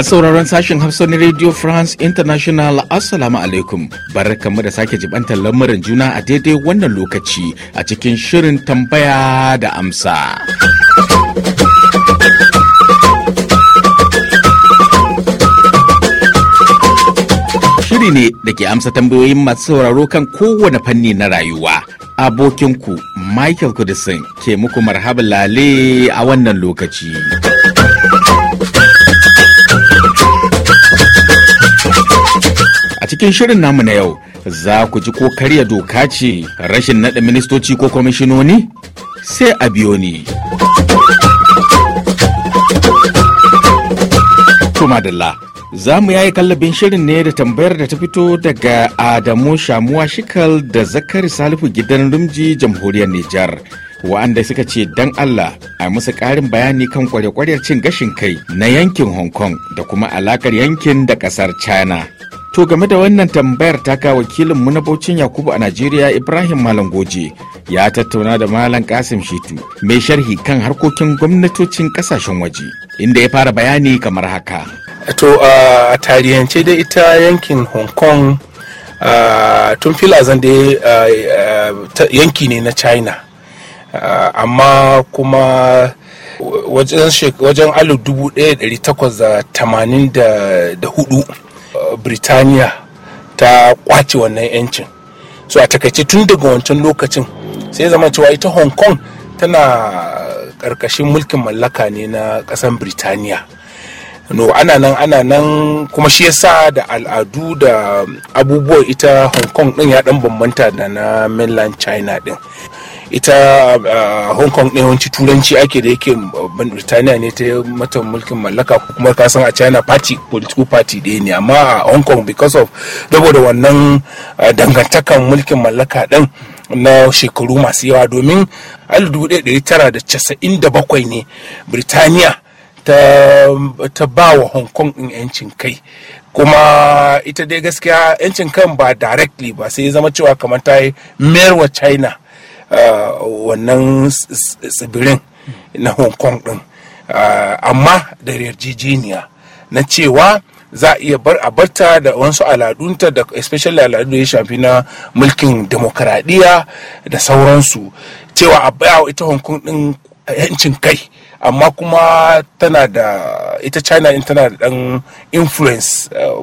Masu sauraron sashen Hausa na Radio France International Assalamu alaikum kamar da sake jibantar lamarin juna a daidai wannan lokaci a cikin shirin tambaya da amsa. Shiri ne da ke amsa tambayoyin masu sauraro kan kowane fanni na rayuwa. Abokinku Michael Kudisin ke muku marhaba lale a wannan lokaci. cikin shirin namu na yau za ku ji ko karya doka ce rashin naɗa ministoci ko kwamishinoni sai a biyo ni. Tumadalla za mu yayi kallabin shirin ne da tambayar da ta fito daga Adamu Shamuwa Shikal da Zakari Salifu gidan Rumji jamhuriyar Nijar. wa'anda suka ce 'Dan Allah a musu ƙarin bayani kan kware cin gashin kai na yankin Hong Kong da kuma alakar yankin da ƙasar China. To game da wannan tambayar taka wakilin mu na baucin Yakubu a Najeriya Ibrahim Malam Goje ya tattauna da Malam Kasim Shitu mai sharhi kan harkokin gwamnatocin kasashen waje inda ya fara bayani kamar haka. To a tarihance da ita yankin Hong Kong tun fil zan da yanki ne na China amma kuma wajen 1884 Birtaniya ta kwace wannan 'yancin. So a takaice tun daga wancan lokacin sai zama cewa ita Hong Kong tana karkashin mulkin mallaka ne na kasan Birtaniya. No, ana nan ana nan kuma shi yasa da al'adu da abubuwa ita Hong Kong din ya dan bambanta da na mainland China din. ita uh, hong kong ne yawanci turanci ake da yake birtaniya ne ta mata mulkin mallaka kuma ka san a china party political party da ne amma a hong kong because of saboda wannan uh, dangantakan mulkin mallaka ɗin na shekaru masu yawa domin 1997 ne birtaniya ta ba wa hong kong ɗin 'yancin kai kuma ita dai gaskiya 'yancin kan ba directly ba sai zama cewa kamar ta yi wa china Uh, wannan tsibirin na hong kong din uh, amma da yarjejeniya na cewa za a iya bar a barta da wasu aladunta da especially al'adun da ya shafi na mulkin demokradiyya da sauransu cewa a baya ita hong kong din yancin kai amma kuma tana da ita china din tana da dan influence uh,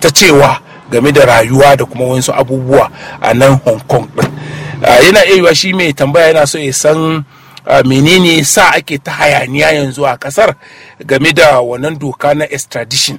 ta cewa game da rayuwa da kuma wasu abubuwa a nan hong kong din Ah, yana iya yiwa shi mai tambaya yana so ya san ah, menene sa ake ta hayaniya yanzu a kasar game da wannan doka na extradition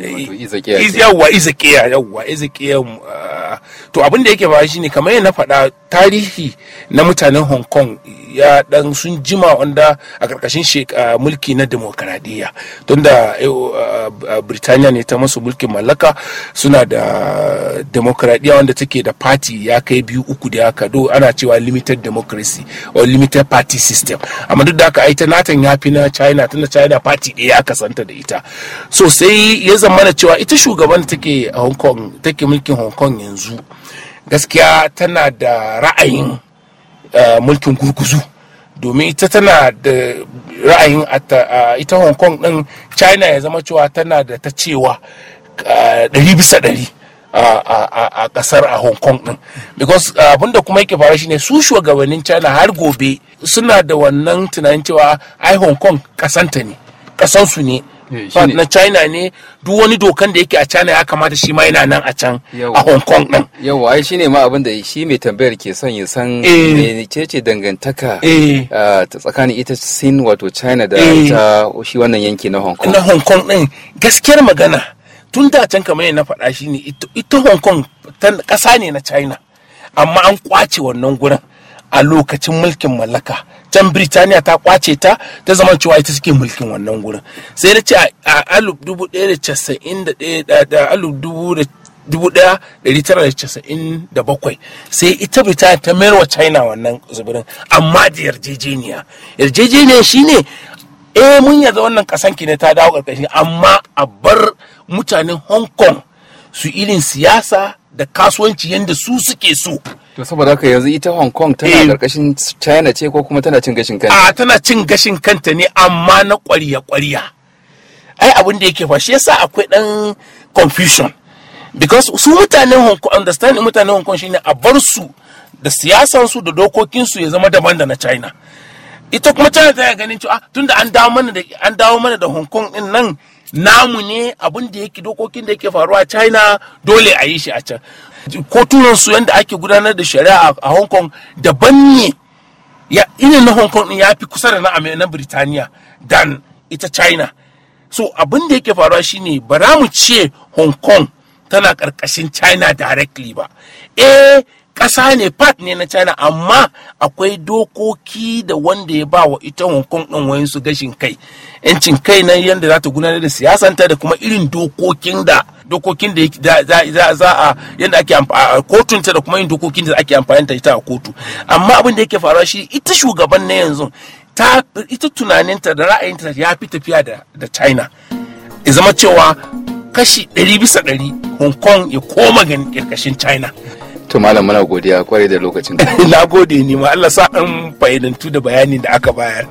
eh, yawwa izakiya yawwa izakiya mm, ah, to abin da yake ba shi ne kamar yana faɗa tarihi na mutanen hong kong ya dan sun jima wanda a ƙarƙashin ah, mulki na demokaradiyya tun da eh, oh, ah, birtaniya ne ta masu mulkin mallaka suna da demokaradiyya wanda take da party ya kai biyu uku da haka do ana cewa limited democracy or limited party system amma duk da haka ai ta natan ya fi na china tunda china ati ɗaya ya kasanta da ita so sai ya da cewa ita shugaban take hong kong take mulkin hong kong yanzu gaskiya tana da ra'ayin eh, mulkin gurguzu domin ita tana da ra'ayin ita hong kong ɗin china ya zama cewa tana da ta cewa eh, ɗari bisa ɗari a ƙasar a hong kong din because eh, abinda kuma yake shi ne su shugabannin china har gobe suna da wannan tunanin cewa ai hong kong kasanta ne kasansu eh, ne na china ne duk wani dokan da yake a china ya kamata shi ma yana nan a can a hong kong din yawa ai shine ma abin da shi mai tambayar ke son ya san eh. mecece dangantaka eh. ah, ta tsakanin ita sin wato china da ta shi wannan yanki na hong kong na hong kong din gaskiyar magana tun da can kamar na faɗa shi ne ita hong kong ƙasa ne na china amma an kwace wannan gurin a lokacin mulkin mallaka can birtaniya ta kwace ta ta zama cewa ita suke mulkin wannan gurin sai na ce a 1997 sai ita birtaniya ta mayar wa china wannan zubirin amma da yarjejeniya yarjejeniya shine eh mun yarda wannan kasan ki ne ta dawo karkashin amma a bar mutanen hong kong su irin siyasa da kasuwanci yadda su suke so. To saboda haka yanzu ita Hong Kong tana karkashin eh. China ce ko kuma tana cin gashin kanta? A tana cin gashin kanta ne amma na ƙwarya ƙwarya. Ai abin da yake fashe yasa akwai ɗan confusion. Because su mutanen Hong Kong, understanding mutanen Hong Kong shine a bar su da siyasansu da dokokinsu ya zama daban da na China. Ita kuma China tana ganin cewa ah, tunda an dawo mana da Hong Kong din nan namu ne abin da yake dokokin da yake faruwa a china dole a yi shi a can kotunan su yadda ake gudanar da shari'a a hong kong daban ne ya ina na hong kong ya fi kusa da na na birtaniya dan ita china so abin da yake faruwa shine ba mu ce hong kong tana karkashin china directly ba eh ƙasa ne fat ne na china amma akwai dokoki da wanda ya ba wa ita hong kong ɗin wayan su gashin kai yancin kai na yadda za ta gudanar da siyasanta da kuma irin dokokin da dokokin da za a yadda ake kotun ta da kuma yin dokokin da ake amfani da ita a kotu amma abin da yake faruwa shi ita shugaban na yanzu ta ita tunaninta da ra'ayinta ya fi tafiya da china ya zama cewa kashi ɗari bisa ɗari hong kong ya koma ganin ƙarƙashin china to malam muna godiya kwarai da lokacin na gode ni ma Allah sa an fahimtu da bayanin da aka bayar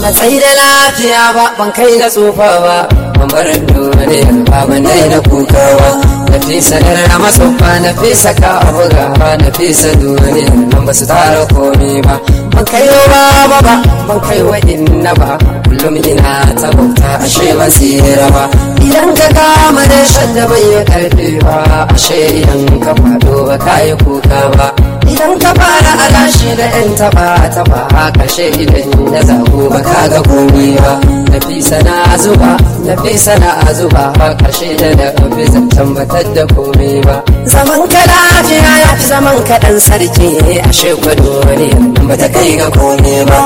matsayi da lafiya ba ban kai ga tsufa ba mamarin duniyar ba ban dai na kukawa na fisa na masauka na fisa ka abuga na fisa duniyar nan ba su tara komi ba ban kai wa ba ba ban kai wa inna ba kullum ina ta bauta ashe ba tsira ba idan ka kama da shadda bai yi karfi ba ashe idan ka fado ba ka yi kuka ba idan ka fara alashi da yan taba taba karshe idan na zago ba ka ga komai ba tafi sana'a zuba tafi sana'a zuba ba karshe da da kafi zantan batar da komai ba zaman ka lafiya ya fi zaman ka dan sarki ashe gwado ne ba ta kai ga komai ba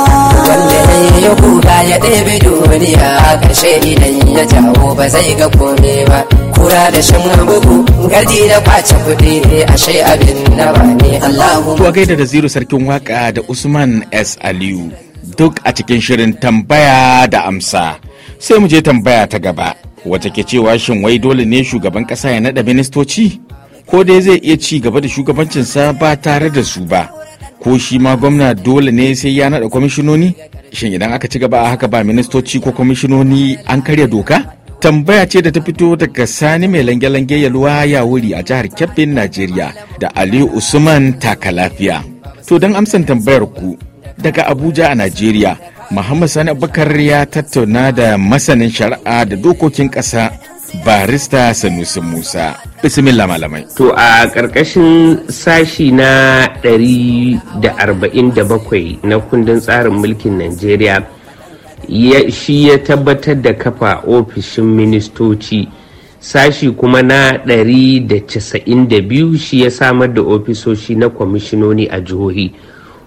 wanda ne ya kuka ya ɗebe duniya karshe idan ya jawo ba zai ga komai ba kura da shan bugu gardi da kwace kuɗi ashe abin na ba ne Allah tuwa gaida da zero sarkin waka da Usman S. Aliyu duk a cikin shirin tambaya da amsa. Sai mu je tambaya ta gaba. Wata ke cewa shin wai dole ne shugaban kasa ya naɗa ministoci? Ko dai zai iya ci gaba da shugabancinsa ba tare da su ba. Ko shi ma gwamna dole ne sai ya naɗa kwamishinoni? Shin idan aka ci gaba a haka ba ministoci ko kwamishinoni an karya doka? tambaya ce da ta fito daga sani mai lange-lange yalwa ya wuri a jihar kebbin najeriya da Ali usman takalafiya lafiya to don amsan tambayar ku daga abuja a najeriya muhammad sani abubakar ya tattauna da masanin shari'a da dokokin ƙasa barista sanusi musa bismillah malamai to a ƙarƙashin sashi na 147 na kundin tsarin mulkin najeriya shi ya tabbatar da kafa ofishin ministoci sashi kuma na 192 shi ya samar da ofisoshi na kwamishinoni a jihohi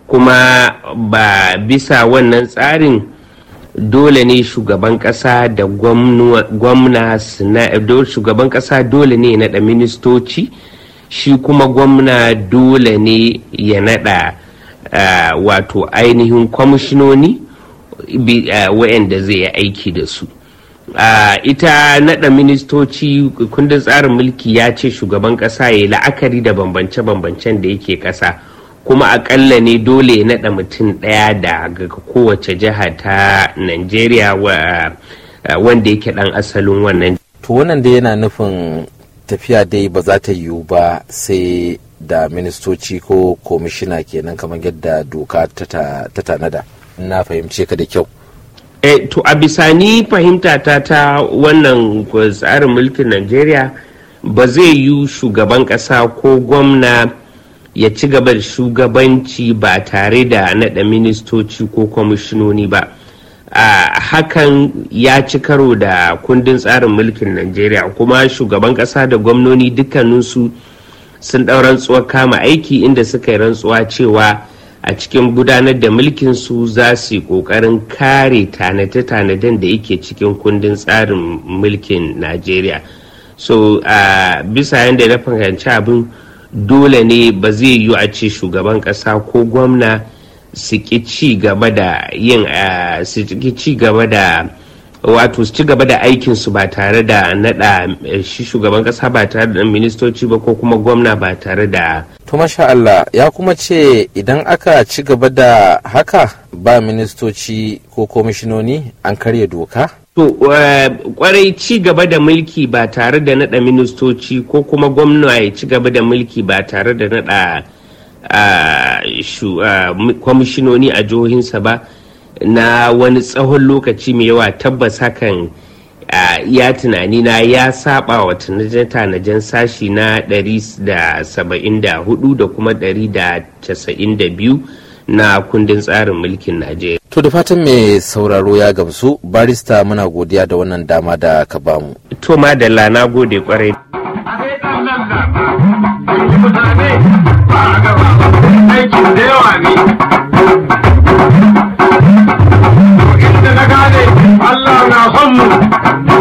kuma ba bisa wannan tsarin dole ne shugaban kasa da gwamna shugaban kasa dole ne ya nada ministoci shi kuma gwamna dole ne ya nada eh, wato ainihin kwamishinoni Eh, wayanda zai yi aiki da su ah, ita naɗa ministoci kundin tsarin mulki ya ce shugaban ƙasa ya yi la'akari da bambance-bambancen da yake ƙasa kuma akalla ne dole ya naɗa mutum ɗaya daga kowace jiha ta nigeria eh, wanda yake dan asalin wannan to wannan da yana nufin tafiya dai ba za ta yiwu ba sai da ministoci ko komishina kenan kamar yadda doka ta tanada. na fahimce ka da kyau eh, to a bisani fahimta ta ta wannan tsarin mulkin najeriya ba zai yi shugaban kasa ko gwamna ya ci gaba da shugabanci ba tare da naɗa ministoci ko kwamishinoni ba a hakan ya ci karo da kundin tsarin mulkin najeriya kuma shugaban kasa da gwamnoni dukkaninsu sun ɗau rantsuwar kama aiki inda suka yi rantsuwa cewa a cikin gudanar da mulkin su za su yi kokarin kare tanade-tanaden da yake cikin kundin tsarin mulkin najeriya so a bisa yadda na fahimci abin dole ne ba zai yiwu a ce shugaban kasa ko gwamna su ci gaba da yin su ci gaba da wato su ci gaba da aikin su ba tare da naɗa eh, shi shugaban ƙasa ba tare da ministoci ba ko kuma gwamna ba tare da to masha Allah ya kuma ce idan aka ci gaba da haka ba ministoci ko komishinoni an karya doka to kwarai eh, ci gaba da mulki ba tare da naɗa ministoci ko kuma gwamna ya ci gaba da mulki ba tare da naɗa ah, ah, kwamishinoni a jihohinsa ba na wani tsawon lokaci mai yawa tabbas hakan ya tunani na ya saba wa tanajen sashi na 174 da kuma 192 na kundin tsarin mulkin najeriya to da fatan mai sauraro ya gamsu barista muna godiya da wannan dama da ka bamu to madalla na gode kwarai da gane Allah na son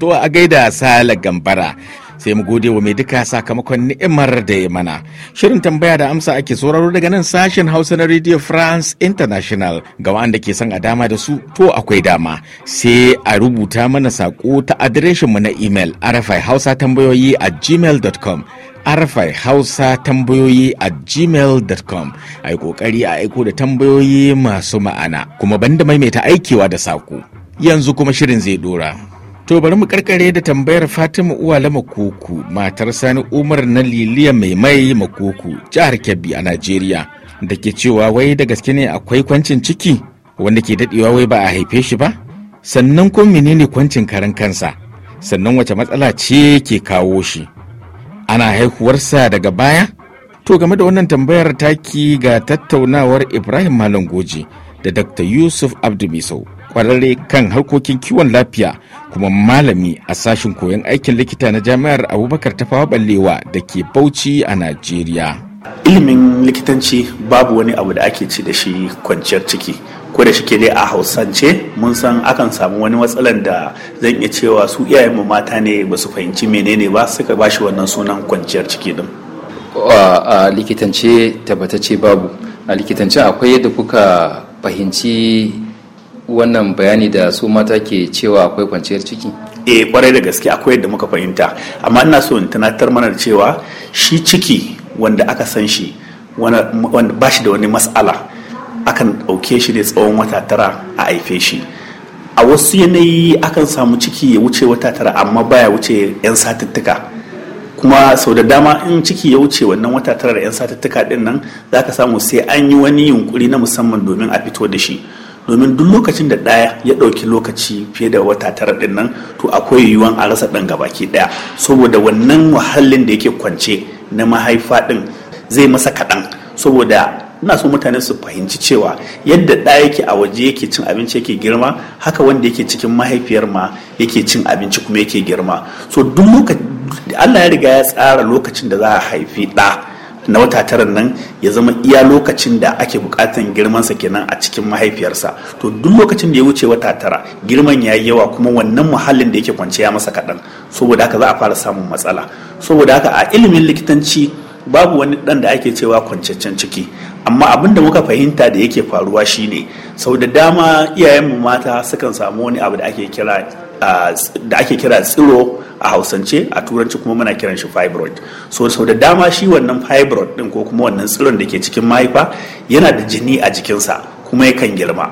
to a gaida sala gambara sai mu gode wa mai duka sakamakon ni'imar da ya mana shirin tambaya da amsa ake sauraro daga nan sashen hausa na radio france international ga wanda ke son a dama da su to akwai dama sai a rubuta mana sako ta adireshin mu na email arafai hausa tambayoyi a gmail.com arafai hausa tambayoyi a gmail.com a yi kokari a aiko da tambayoyi masu ma'ana kuma banda maimaita aikewa da sako yanzu kuma shirin zai dora To bari mu karkare da tambayar Fatima Uwala Makoku matar Sani Umar na Liliya Mai Mai Makoku jihar Kebbi a Najeriya da ke cewa wai da gaske ne akwai kwancin ciki wanda ke dadewa wai ba a haife shi ba? Sannan ko menene kwancin karan kansa? Sannan wace matsala ce ke kawo shi? Ana haihuwarsa daga baya? To game da wannan tambayar taki ga tattaunawar Ibrahim Malam Goji da Dr. Yusuf Abdu Misau. kwararre kan harkokin kiwon lafiya kuma malami a sashen koyon aikin likita na jami'ar abubakar tafawa ballewa da ke bauchi a najeriya ilimin likitanci babu wani abu da ake ci da shi kwanciyar ciki ko da shike dai a hausance mun san akan samu wani matsalan da zan iya cewa su iyayenmu mata ne ba su fahimci menene ba suka bashi wannan sunan kwanciyar ciki din a likitance tabbatacce babu a likitance akwai yadda kuka fahimci wannan bayani da su mata ke cewa akwai kwanciyar ciki eh kwarai da gaske akwai yadda muka fahimta amma ina so in tunatar mana cewa shi ciki wanda aka san shi wanda ba shi da wani matsala akan ɗauke shi ne tsawon wata tara a haife shi a wasu yanayi akan samu ciki ya wuce wata tara amma baya wuce 'yan satuttuka kuma sau da dama in ciki ya wuce wannan wata tara da 'yan satuttuka din nan za ka samu sai an yi wani yunkuri na musamman domin a fito da shi domin duk lokacin da ɗaya ya ɗauki lokaci fiye da wata tara ɗin nan to akwai yiwuwan a rasa ɗan gabaki ɗaya saboda wannan wahalin da yake kwance na mahaifa ɗin zai masa kaɗan saboda ina so mutane su fahimci cewa yadda ɗaya yake a waje yake cin abinci yake girma haka wanda yake cikin mahaifiyar ma yake cin abinci kuma yake girma so duk lokacin Allah ya riga ya tsara lokacin da za a haifi ɗa na wata tara nan ya zama iya lokacin da ake bukatan girmansa kenan a cikin mahaifiyarsa to duk lokacin da ya wuce wata tara girman ya yi yawa kuma wannan muhallin da yake kwance ya masa kaɗan saboda haka za a fara samun matsala saboda haka a ilimin likitanci babu wani ɗan da ake cewa kwanciyar ciki amma abin da muka fahimta da yake faruwa shine sau da dama iyayenmu mata sukan samu wani abu da ake kira ah, tsiro a hausance a turanci kuma muna kiran shi fibroid so sau da dama shi wannan fibroid din ko kuma wannan tsiron da ke cikin mahaifa yana da jini a jikinsa kuma yakan girma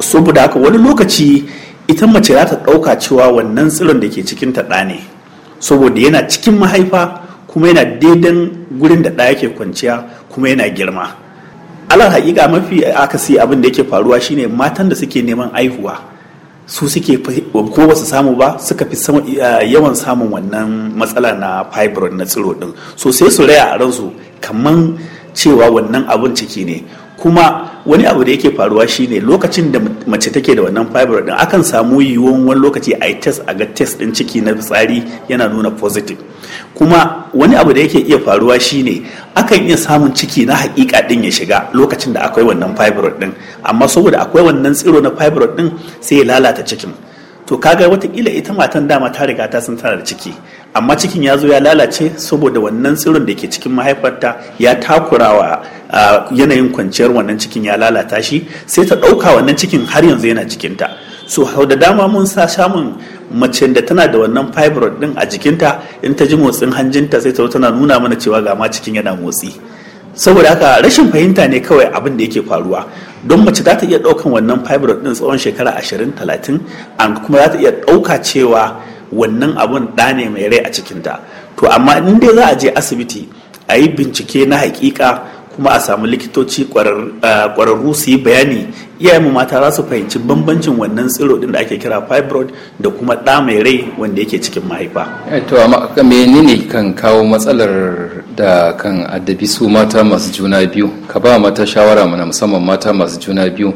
saboda haka wani lokaci ita mace za ta ɗauka cewa wannan tsiron da ke cikin ta ɗa ne saboda yana cikin mahaifa kuma yana daidan gurin da ɗa yake kwanciya kuma yana girma alal hakika mafi akasi abin da yake faruwa shine matan da suke neman aihuwa su suke ko ba su samu ba suka fi eh, yawan samun wannan matsala na fibroid na tsiro din so sai su raya a ransu kamar cewa wannan abin ciki ne kuma wani abu da yake faruwa shine lokacin da mace take da wannan fiber din akan samu yiwuwan wani lokaci a yi test a ga test din ciki na fitsari yana nuna positive kuma wani abu da yake iya faruwa shine akan iya samun ciki na hakika ɗin ya shiga lokacin da akwai wannan fibroid ɗin, amma saboda akwai wannan tsiro na fibroid ɗin, sai ya lalata cikin to kaga watakila ita matan dama ta riga ta san tana da ciki amma cikin ya zo ya lalace saboda wannan tsirin da ke cikin mahaifarta ya takurawa yanayin kwanciyar wannan cikin ya lalata shi sai ta ɗauka wannan cikin har yanzu yana cikinta so hau da dama mun sa samun mace da tana da wannan fibroid din a jikinta in ta ji motsin hanjinta sai ta tana nuna mana cewa ga ma cikin yana motsi saboda haka rashin fahimta ne kawai abin da yake faruwa don mace za ta iya ɗaukan wannan fibroid din tsawon shekara ashirin talatin kuma za ta iya ɗauka cewa wannan abun ɗa ne mai rai a cikinta to amma in dai za a je asibiti a yi bincike na hakika kuma a samu likitoci ƙwararru su yi bayani iyayenmu mata za su fahimci bambancin wannan tsiro ɗin da ake kira fibroid da kuma ɗa mai rai wanda yake cikin mahaifa. Eh, to amma menene kan kawo matsalar da kan addabi su mata masu juna biyu ka ba mata shawara mana musamman mata masu juna biyu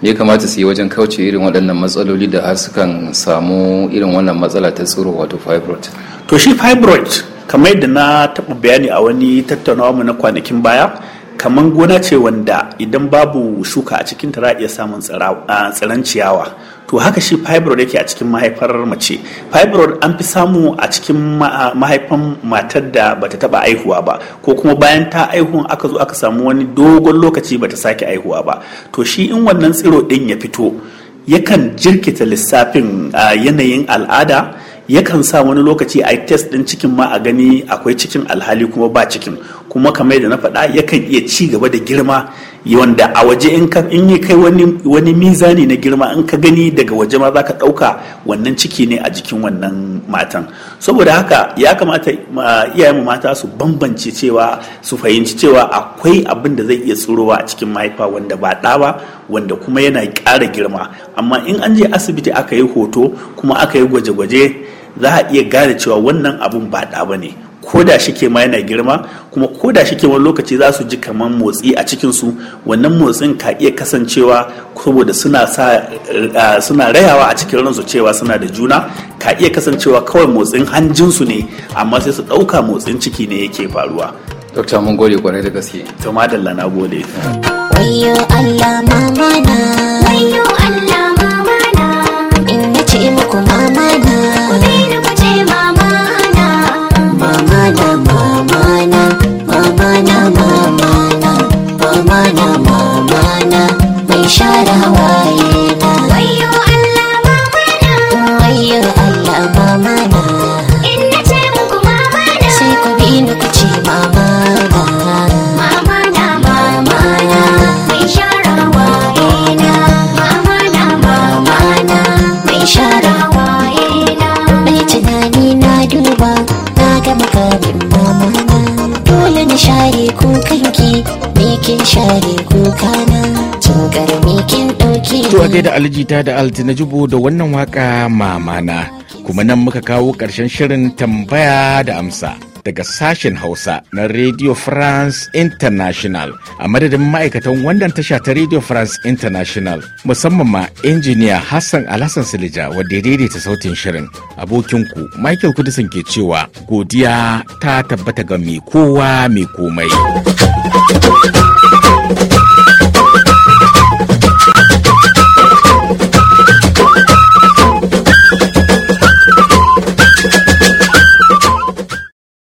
me kamata su yi wajen kauce irin waɗannan matsaloli da har sukan samu irin wannan matsala ta tsiro wato fibroid to shi fibroid kamar yadda na taɓa bayani a wani tattaunawa mu na kwanakin baya kamar gona ce wanda idan babu shuka a cikin ta za iya samun tsiran ciyawa to haka shi fibroid yake a cikin mahaifar mace fibroid an fi samu a cikin mahaifan matar da bata taba aihuwa ba ko kuma bayan ta aihu aka zo aka samu wani dogon lokaci bata sake aihuwa ba to shi in wannan tsiro din ya fito yakan jirkita lissafin yanayin al'ada yakan sa wani lokaci a test din cikin ma a gani akwai cikin alhali kuma ba cikin kuma kamar da na faɗa yakan iya ci gaba da girma wanda a waje in yi kai wani mizani na girma in ka gani daga waje ma za ka ɗauka wannan ciki ne a jikin wannan matan saboda haka ya kamata iyayen mata su bambance cewa su fahimci cewa akwai abin da zai iya tsurowa a cikin mahaifa wanda ba ɗa ba wanda kuma yana ƙara girma amma in an je asibiti aka yi hoto kuma aka yi gwaje-gwaje za a iya gane cewa wannan abun ba da ba ne ko da shi ke ma yana girma kuma ko da shi ke wani lokaci za su ji kamar motsi a cikinsu wannan motsin ka iya kasancewa saboda suna rayawa a cikin ransu cewa suna da juna ka iya kasancewa kawai motsin hanjinsu ne amma sai su ɗauka motsin ciki ne yake faruwa dokta mun gode kwarai da gaske to madalla na gode da aljita da jubo da wannan waka mamana kuma nan muka kawo ƙarshen shirin tambaya da amsa daga sashen hausa na radio france international a madadin ma'aikatan wannan tasha ta radio france international musamman ma injiniya hassan alhassan silija wadda ya daidaita sautin shirin abokin ku michael kudisin ke cewa godiya ta tabbata ga mai kowa mai komai